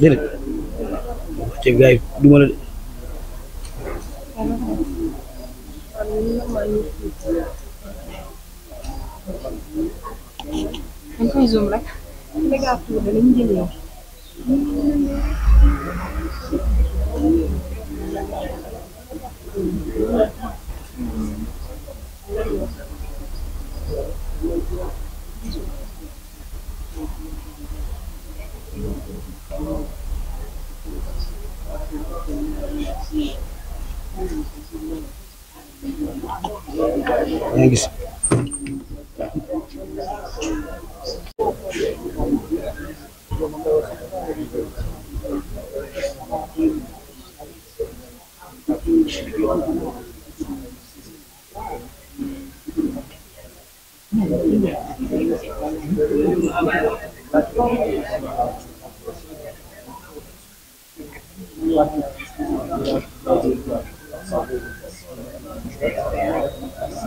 déedéet wàcceeg gars yi duma la de. dañ koy zoom rek. yaa gis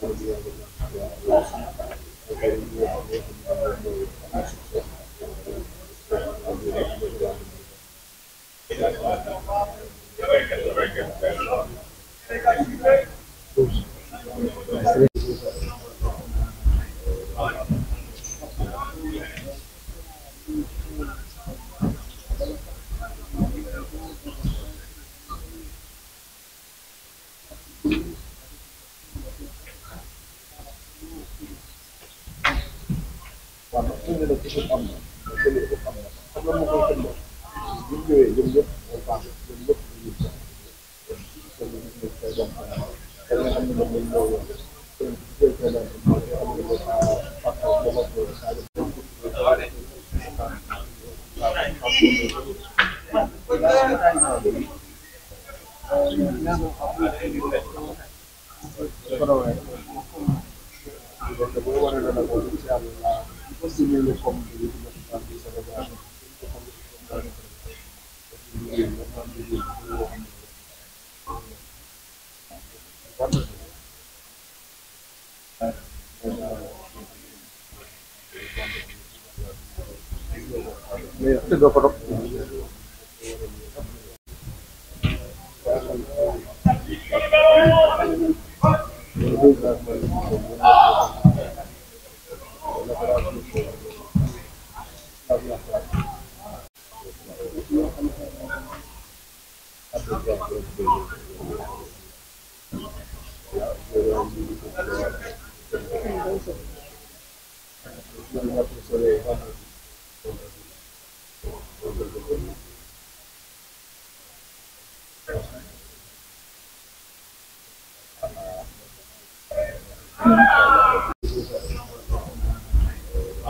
Very good, very good. waaw ndax suñu la ci am na xam nga moo koy tënk bu ñu ñëwee yëpp yëpp mooy baax yëpp yëpp ñu ngi ko te ñu ngi koy doon xanaa da nga xam ne moom lañ ñëw woon parce que boo waree dana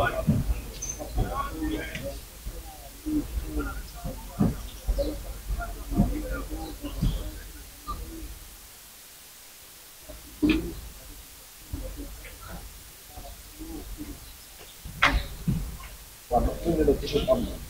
Wanafunzi ndio kesho pamoja.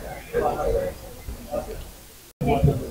Thank you.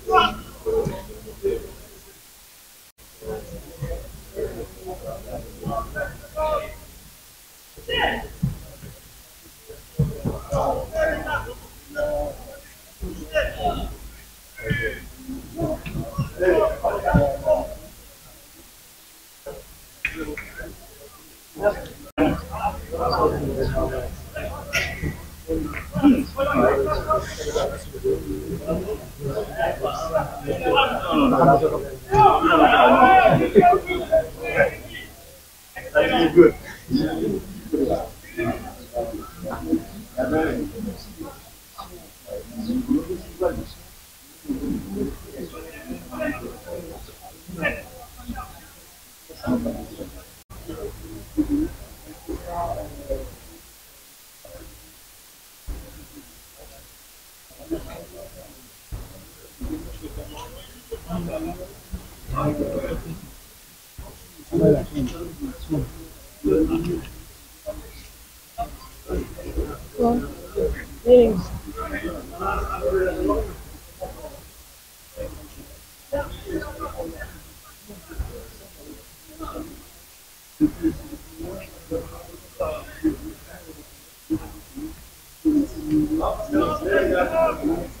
non non Well, meetings. Thank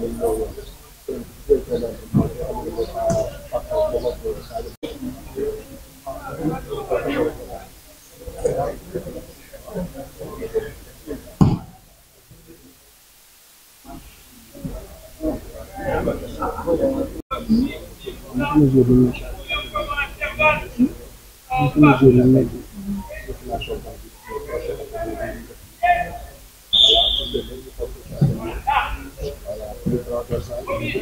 mesure transversal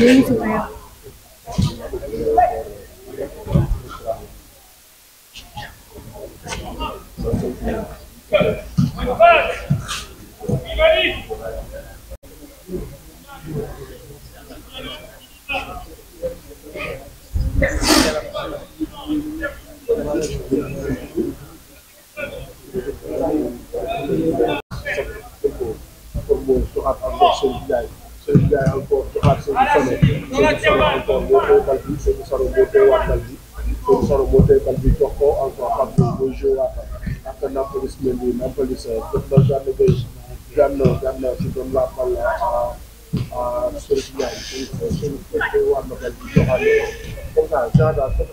léegi su ma yor Aşağıda arkada da var.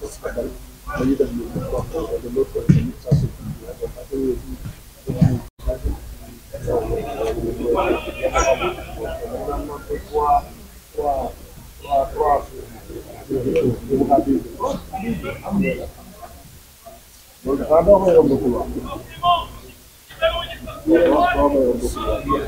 Kız kadar. Ayı da bir mutfakta. Orada dört tane bir sası. Pardon, pardon, pardon.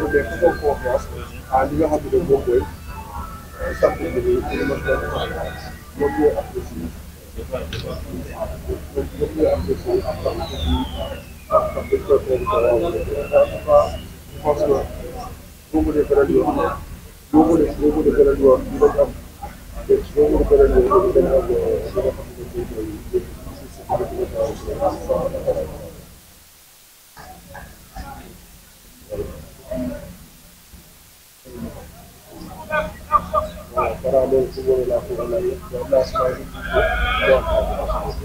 pour def foofu confiance à xam ne moom mooy sàmm bi ñu ñu mën a moom ñooy apprécié moom ñooy apprécié ak sàmm bi ak sàmm bi très très bien. je pense que boo ko defee ren yoon boo ko def xam وأراد الكبر إلى فضله والناس لا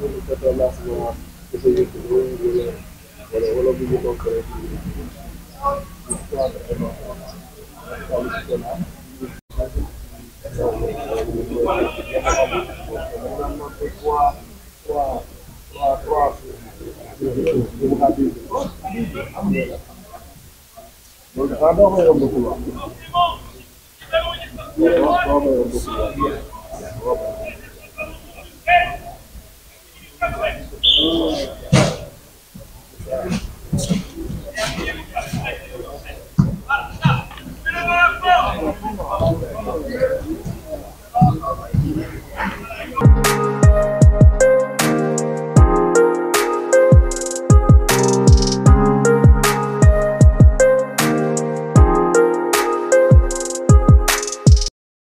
يدرك الناس ولا ولا بيجي Gracias. Oh.